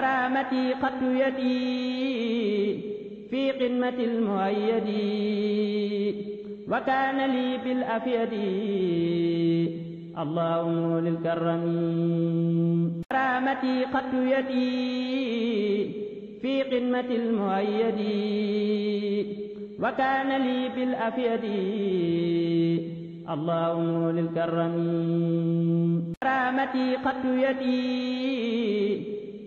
كرامتي قد يدي في قمة المؤيد وكان لي بالأفيد اللهم للكرم كرامتي قد يدي في قمة المؤيد وكان لي بالأفيد اللهم للكرم كرامتي قد يدي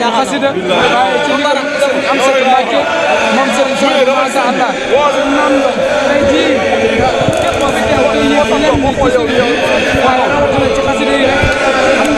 daa xasida waaye ci ndigal Serigne Amsatou Mbacké moom Serigne Sow macha allah suñu naan la tey jii képp koo fi teew ci yëpp lenn ci suñu waaye rawatina ci xasida yi rek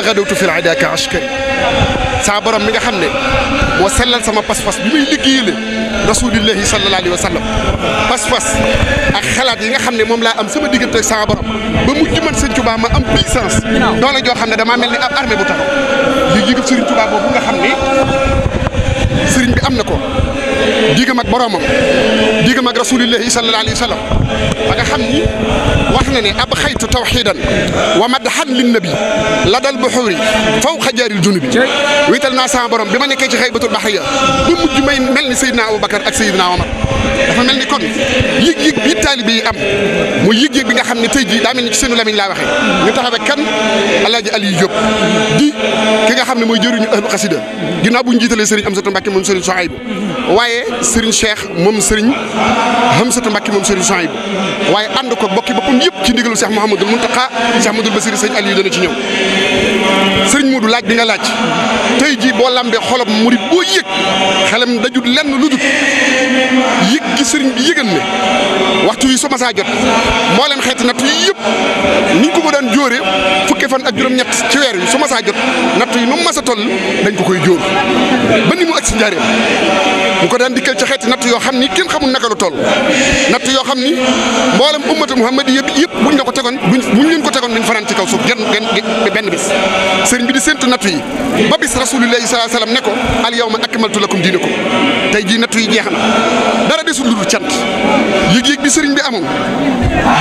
غدوت في العداء كعشقي صابرم ميغا خامني وسلل سما باس باس بيمي ليغيي رسول الله صلى الله عليه وسلم باس باس اك خلات ييغا خامني موم لا ام سما ديغنت صابرم با مودي مان سيرن توبا ما ام بيسانس دولا جو خامني دا ما ملني اب ارمي بو تاخو ييغي سيرن توبا بوغا خامني سيرن بي امنا كو diggam ak boroomam diggam ak rasulillahi sallallahu alayhi wa sallam ba nga xam ni wax na ne ab xaytu tawxidan wa madhan linnabi ladal buxuuri fawqa jaaril junubi wiital naa sama borom bi ma nekkee ci xaybatul baxriya bu mujj may mel ni Seydina Aboubacar ak Seydina Omar dafa mel ni kon yëg-yëg bi taalibe am mu yëg-yëg bi nga xam ne tey jii daa mel ni ci seenu lamiñ laa waxee ñu taxawe kan Alaaji Aliou Diop di ki nga xam ne mooy jëriñu ahlu xasida ginnaaw bu ñu jiitalee Serigne Amsatou Mbacke moom Serigne Soxaybu waaye waaye Serigne Cheikh moom Serigne Hamsatu Mbacke moom Serigne Souhaïbou waaye ànd ko bokki boppam yëpp ci ndigalu Cheikh Mouhamadul Mountakha Cheikh Mouhamadul Basir Serigne Aliou dana ci ñëw Serigne Modou laaj bi nga laaj tey jii boo lambee xolom murid boo yëg xelam dajut lenn lu dul yëg gi Serigne bi yëgal ne waxtu wi soo masaa jot moo leen xeeti natt yi yëpp ni ko ko daan jóoree fan ak juróom-ñett ci weer wi su ma saa jot natt yi nu mu mas a dañ ko koy jóor ba ni mu agsi njaareem mu ko daan dikkal ci xeeti natt yoo xam ni kenn xamul naka lu toll natt yoo xam ni mboolem ummatu muhammad yëpp yëpp buñ la ko tegoon bu ñu leen ko tegoon dañ fanaan ci kaw suuf genn genn benn bis sëriñ bi di séntu natt yi ba bis rasulillahi sallallahu alayhi wasallam ne ko al yawma akmaltu lakum ko tey jii nattu yi jeex na dara de lu dul cant yëg bi sëriñ bi amoon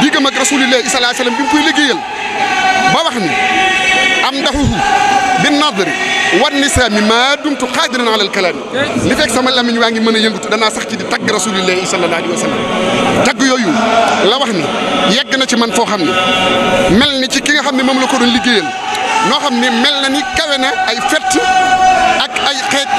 diggam ak rasulillahi sallallahu alayhi wasallam bi koy liggéeyal ba wax امدح بالنظر والنساء مما دمت قادرا على الكلام لفك سما لامي واغي من ييغوت دانا صاح تي تاغ رسول الله صلى الله عليه وسلم تاغ يويو لا واخني ييغنا تي من فو خامني ملني تي كيغا خامني مام لا كودون ليغيال نو خامني ملني كاونا اي فيت اك اي خيت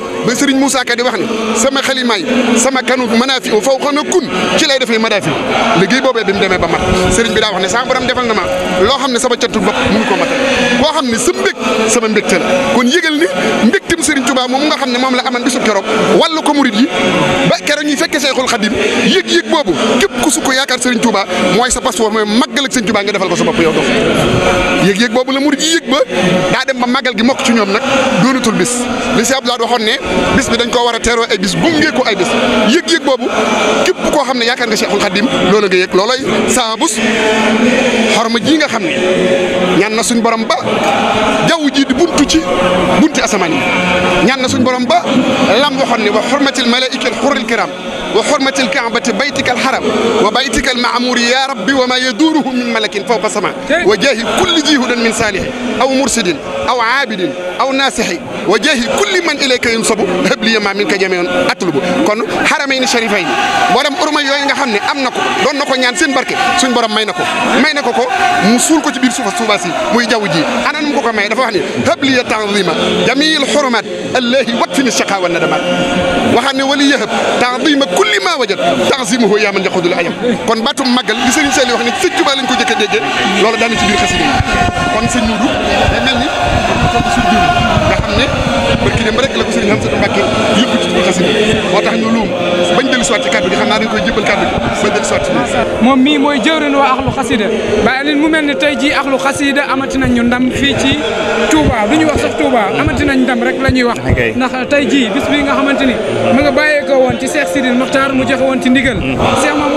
ba Serigne Moussa Ka di wax ni sama xalimaay sama kanu manaafi u faw xana kun ci lay defee manaafi liggéey boobee bi mu demee ba mat Serigne bi daa wax ne sama borom defal na ma loo xam ne sama cantul bopp mënu ko matal boo xam ne sa mbég sama mbégte la kon yëgal ni mbégtim Serigne Touba moom nga xam ne moom la aman bisub keroog wàllu ko murid yi ba keroog ñuy fekke Seexul Xadim yëg-yëg boobu képp ku su yaakaar Serigne Touba mooy sa passeport mooy màggal ak Serigne Touba nga defal ko sa bopp yow dof yëg-yëg boobu la murid yi ba màggal gi mokk ci ñoom nag bis li si Abdoulaye ne bis bi dañ ko wara téro ay bis gungee ko ay bis yëg-yëg bobu képp ko xamné ne nga Cheikhul Khadim lolo nga yëg lolay sa bus xorma ji nga xamné ñan na suñ borom ba jaw ji di buntu ci bunti asamaan yi ñaan na suñ borom ba lam waxoon ne wa hurmatil malaikatil hurril kiram wa hurmatil ka'bati baytikal haram wa baytikal ma'mur ya rabbi wa ma yaduruhu min malakin fawqa sama wa jaahi kulli jihudan min salih aw mursidin أو عابد أو ناسح وجاه كل من إليك ينصب هب لي ما منك جميعا أطلب كون حرمين شريفين borom urma yooyu nga xam ne am na ko doon na ko ñaan seen barke suñ borom may na ko may na ko ko mu suul ko ci biir suufa suuba si muy jaww ji ananum ko ko may dafa wax ni habliya tanzima jamil hurumat allahi wakfini shaqa wa nadamat waxaat ne wali yahab tanzima kulli ma wajad tanzimuhu yaa man yaxudul ayam kon batum màggal li sëriñ Sall wax ne sëñ Tuubaa lañ ko jëkk a déggee loolu daana ci biir xasida yi kon sëñ Nuudu day mel ni formation de soudure nga xam ne barki dem rek la ko Serigne Hamsatou Mbacké yëpp moom mii mooy jëwrin waa axlu xasida bàyyi leen mu mel ni tey jii axlu xasida amati nañ ñu ndam fii ci Touba du ñu wax sax Touba amati nañ ndam rek la ñuy wax ndax tey jii bis bi nga xamante ni mu nga bàyyee ko woon ci Cheikh Sidil Mokhtar mu joxe woon ci ndigal mm-hmm.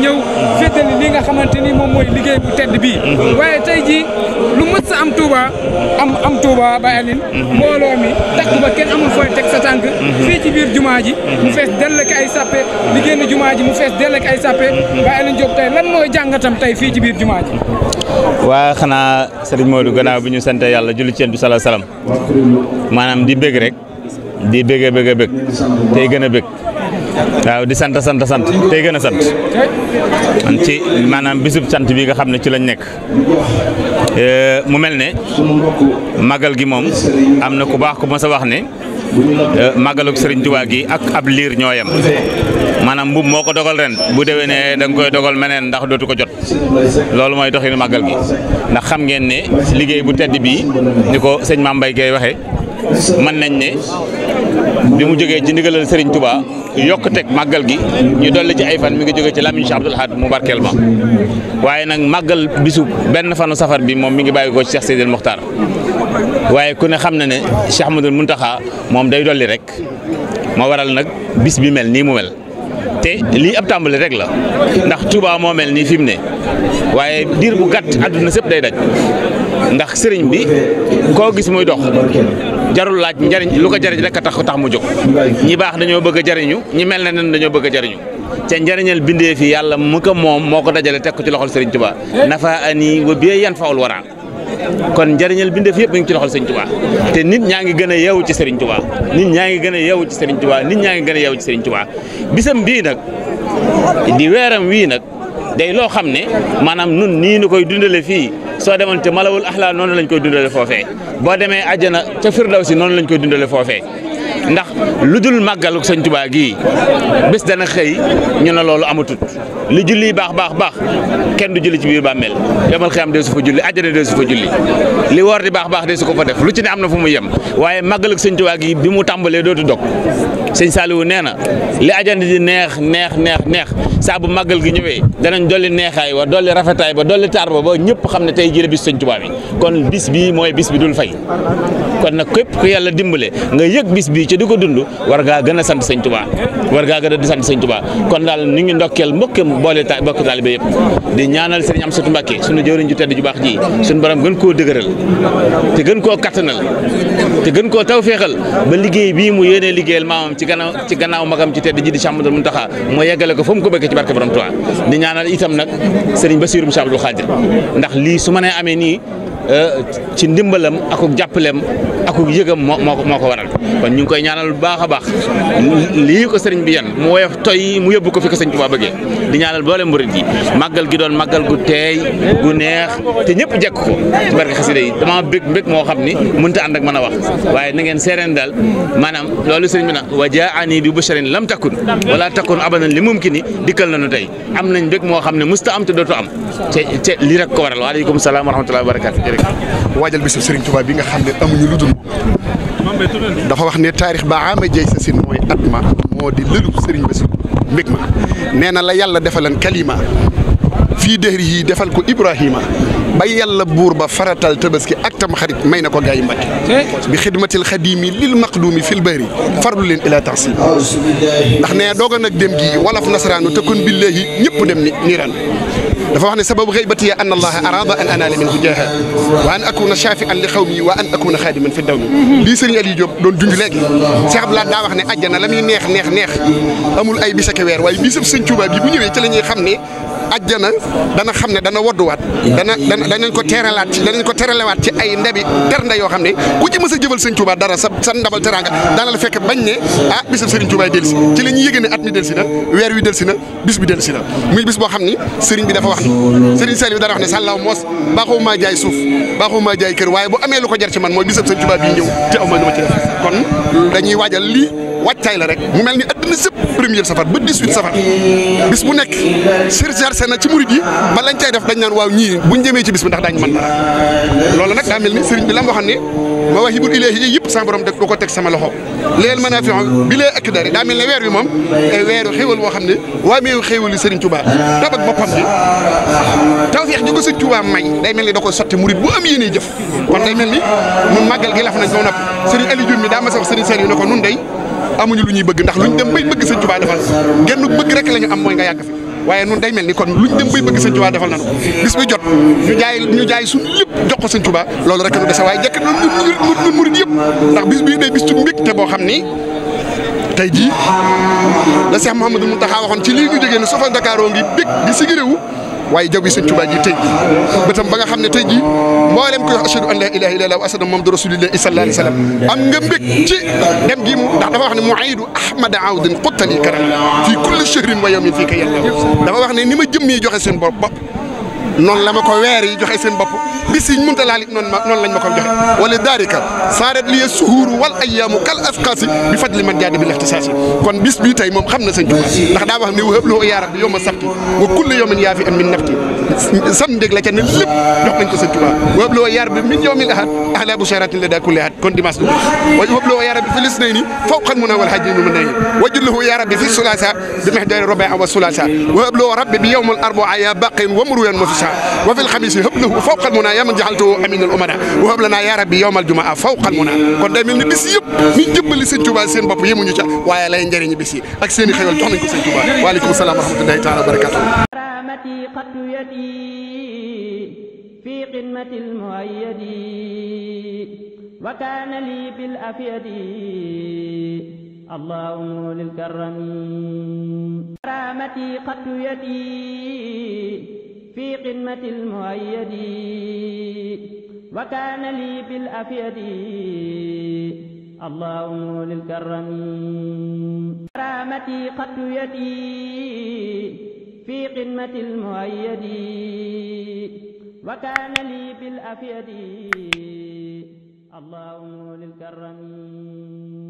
ñëw féetali li nga xamante ni moom mooy liggéey bu tedd bii waaye tey jii lu mës sa am Touba am am Touba ba Aline mhm. mbooloo ba kenn amul fooy teg sa tànk mhm. fii ci jumaa ji mu fees dell ak ay sàppe li génn jumaa ji mu fees dell ak ay sàppe mhm. ba Aline Diop tey lan mooy jàngatam tey fii ci jumaa ji waa xanaa Serigne Modou gannaaw bi ñu sant yàlla julli ceen bi sala salaam di bëgg rek di bëgg bëgg bëgg tey gën a bëgg waaw di sant sant sant tey gën a sant man ci maanaam bisub sant bi nga xam ne ci lañ nekk euh, mu mel ne màggal gi moom am na ku baax ku ma sa wax ne euh, màggaluk Sëriñ Tuubaa gi ak ab liir ñoo yem maanaam mbubb moo ko dogal ren bu déwee ne da nga koy dogal meneen ndax dootu ko jot loolu mooy doxinu màggal gi ndax xam ngeen ne liggéey bu tedd bii ni ko sëñ Mame Mbaye Guèye waxee mën nañ ne bi mu jógee ci ndigalal Sëriñ Tuubaa yokk teg màggal gi ñu dolli ci ay fan mu ngi jóge ci Lamine Cheikh Abdoul Ahad mu barkeel ma waaye nag màggal bisu benn fanu safar bi moom mi ngi bàyyi ko ci Cheikh Seydil Mokhtar waaye ku ne xam na ne Cheikh Ahmadoul Mountakha moom day dolli rek ma waral nag bis bi mel nii mu mel te lii ab tàmbali rek la ndax Touba moo mel nii fi ne waaye diir bu gàtt àdduna sëpp day daj ndax sëriñ bi koo gis muy dox jarul laaj njariñ lu ko jariñ rek a tax tax mu jóg ñi baax nañoo bëgg a jariñu ñi mel ne nen dañoo bëgg a jariñu ca njariñal bindee fi yàlla mu ko moom moo ko dajale teg ko ci loxol Serigne Touba nafa ani wa bie yan faul wara kon njariñal bindeef yëpp mi ngi ci loxol Serigne Touba te nit ñaa ngi gën a yeewu ci Serigne Touba nit ñaa ngi gën a yeewu ci Serigne Touba nit ñaa ngi gën a yeewu ci Serigne Touba bisam bii nag di weeram wii nag day loo xam ne maanaam nun nii nu koy dundale fii soo demoon ci malawul axlaa noonu lañ koy dundale foofee boo demee àjjana ca firdawsi noonu lañ koy dundale foofee ndax lu dul màggalu sëñ Tuubaa gii bés dana xëy ñu ne loolu amatut lu julli baax baax baax kenn du julli ci biir bàmmeel yomal xiyam dee su fa julli àjjana li woor di baax baax dee su ko fa def lu ci ne am na fu mu yem waaye màggal ak sëñ Tuubaa gi bi mu tàmbalee dootu dog sëñ Saliou nee na li àjjana di neex neex neex neex saa bu màggal gi ñëwee danañ dolli neexaay wa dolli rafetaay ba dolli taar ba ba ñëpp xam ne tey jële bis sëñ Tuubaa bi kon bis bii mooy bis bi dul fay kon nag képp ku yàlla dimbale nga yëg bis bii ca di ko dund war ngaa gën a sant sëñ Tuubaa war ngaa gën a di sant boole ta bokk taalibe di ñaanal sëriñ Amsatu Mbàkke suñu jëwriñ ju tedd ju baax ji suñu borom gën koo dëgëral te gën koo kattanal te gën koo tawféexal ba liggéey bii mu yéenee liggéeyal maamam ci gannaaw ci gannaaw magam ci tedd ji di Cheikh Ahmadou Mountakha moo yeggale ko fa mu ko bëggee ci barke borom Tuubaa di ñaanal itam nag sëriñ Bassirou Moussa Abdou ndax lii su ma nee amee nii Eh, ci ndimbalam ak ak jàppaleem ak ak yegam moko waral kon ñu koy ñaanal bu baaxa baax li ko señ bi yenn mu woyof toy mu yóbbu ko fi ko señ tuba bëggee di ñaanal boole mbeur yi magal gi doon magal gu tey gu neex te ñepp jekk ko ci barke xasside yi dama bëgg bëgg mo xamni ni and ak mëna wax waye na ngeen seereen daal loolu señ bi na waja'ani bi busharin lam takun wala takun abadan li mumkini dikal nañu tey am nañ bëgg mo xamni musta am te dootu am te li rek ko waral alaykum assalam wa rahmatullahi wa barakatuh rek waajal bisu Serigne Touba bi nga xam ne amuñu lu dul moom dafa wax ne taarix ba ama jeey sa sin mooy at ma moo di lëlub Serigne Bassirou mbég ma nee na la yàlla defalan kalima fii dëhri yi defal ko Ibrahima ba yàlla buur ba faratal tabaski ak tam xarit may na ko gaa yi Mbàkke bi xidmatil xadiimi lil maqduumi fil bëri farlu leen ila taxsim ndax nee dooga nag dem gi wolof nasaraanu te kon billahi ñëpp dem ni niiran دفعني سبب غيبتي أن الله أراد أن أنال من وجهها وأن أكون شافئا لخومي وأن أكون خادما في ليس لي سيري علي جوب دون دوند لغي سي عبد الله دا وخني اجانا لامي نيه نيه امول اي بيسك وير واي بيسب سنتوبا بي بو نيوي ajjana dana xam ne dana wodduwaat dana dana danañ ko teeralaat ci danañ ko teralewaat ci ay ndebi ternde yoo xam ne ku ci mës a jëfal sëñ Touba dara sa sa ndabal teranga daana la fekk bañ ne ah bisab sëriñ Touba delsi ci la ñuy yëgee ne at mi delsi na weer wi delsi na bis bi delsi muy bis boo xam ni sëriñ bi dafa wax wax ne sàllaw moos baaxoo maa jaay suuf baaxoo jaay kër waaye bu amee lu ko jar ci man mooy bisab sëñ Touba bi ñëw te aw ma lu ma ci kon dañuy waajal lii wàccaay la rek mu mel ni àddina sëpp premier safar ba 18 safar bis bu nekk surchargé na ci murid yi ba lañ cay def dañ naan waaw ñii buñ jëmee ci bis bi ndax daañu mën dara loolu nag daa mel ni sëriñ bi la waxoon ne mawaahibul ilaahi yi yëpp sama borom def du ko teg sama loxo léegi mën a fi bi lee ak dara daa mel ne weer wi moom weeru xéwal boo xam ne waa meewu xéwal yi sëriñ Tuubaa tab ak boppam bi tawfeex ji ko sëriñ Tuubaa may day mel ni da koy sotti murid bu am yéene jëf kon day mel ni ñun màggal gi laf nañ ko nopp sëriñ Aliou daa ma sa wax sëriñ Seydou ne amuñu lu ñuy bëgg ndax luñ dem bay bëgg sëñ Tuubaa defal genn bëgg rek la ñu am mooy nga yàgg fi waaye nun day mel ni kon luñ dem bay bëgg sëñ Tuubaa defal na ko bis bi jot ñu jaay ñu jaay suñ lépp jox ko sëñ Tuubaa loolu rek nu dese waaye jekk noonu ñun ñun murid yëpp ndax bis bii day bis ci te boo xam ni tey jii la Cheikh Mouhamadou Mountakha waxoon ci lii ñu jógee ne sofal Dakar ngi bég di sigiréwu waye jaw seigne touba ji tey bëtam ba nga xamne ne tey ji mboolem koy wax ashhadu an la ilaha illallah wa asadu muhammadur rasulillahi sallallahu alayhi wasallam am nga mbek ci dem gi mu dafa wax ni muidu ahmad audin qutli karam fi kulli shahrin wa yawmin fi ka dafa wax ni nima jëmmee joxe seen bop non la ma ko weer joxe sen bop bi siñ mënta non non lañ mako joxe wala darika saaret li suhuuru wal ayyam kal asqaasi bi fadli man jaada bil ixtisaasi kon bis bi tay mom xamna sëñ Tuubaa ndax da wax ni wahab lahu ya rabbi yow ma sabti wa kullu yawmin yaa fi am min nafti sam dég la ca ne lépp jox nañ ko sëñ Tuubaa wabloo yar bi min yawmil ahad ahla busharatin lada kulli ahad kon dimanche du wabloo ya rabbi filis nay ni fawqan mun a wal hajji mun nay wajulhu ya rabbi fi sulasa bi mihdari rubai wa sulasa wabloo rabbi bi yawmil arbaa ya baqin wa murwan wa fisa wa fil xamisi hablahu fawqan mun a ya man jaxaltu aminal umada wa hablana ya rabbi yawmal jumaa fawqan mun a kon day mel ni bis yëpp ñu jëbbali sëñ Tuubaa seen bopp yëmuñu ca waaye lay njëriñu bis yi ak seen i xewal jox nañ ko sëñ Tuubaa waaleykum salaam wa rahmatullahi taala wa barakatuh التي قد يدي في قمة المؤيد وكان لي بالأفيد اللهم للكرم كرامتي قد يدي في قمة المؤيد وكان لي بالأفيد اللهم للكرم كرامتي قد يدي في قمة المؤيد وكان لي بالأفيد اللهم للكرم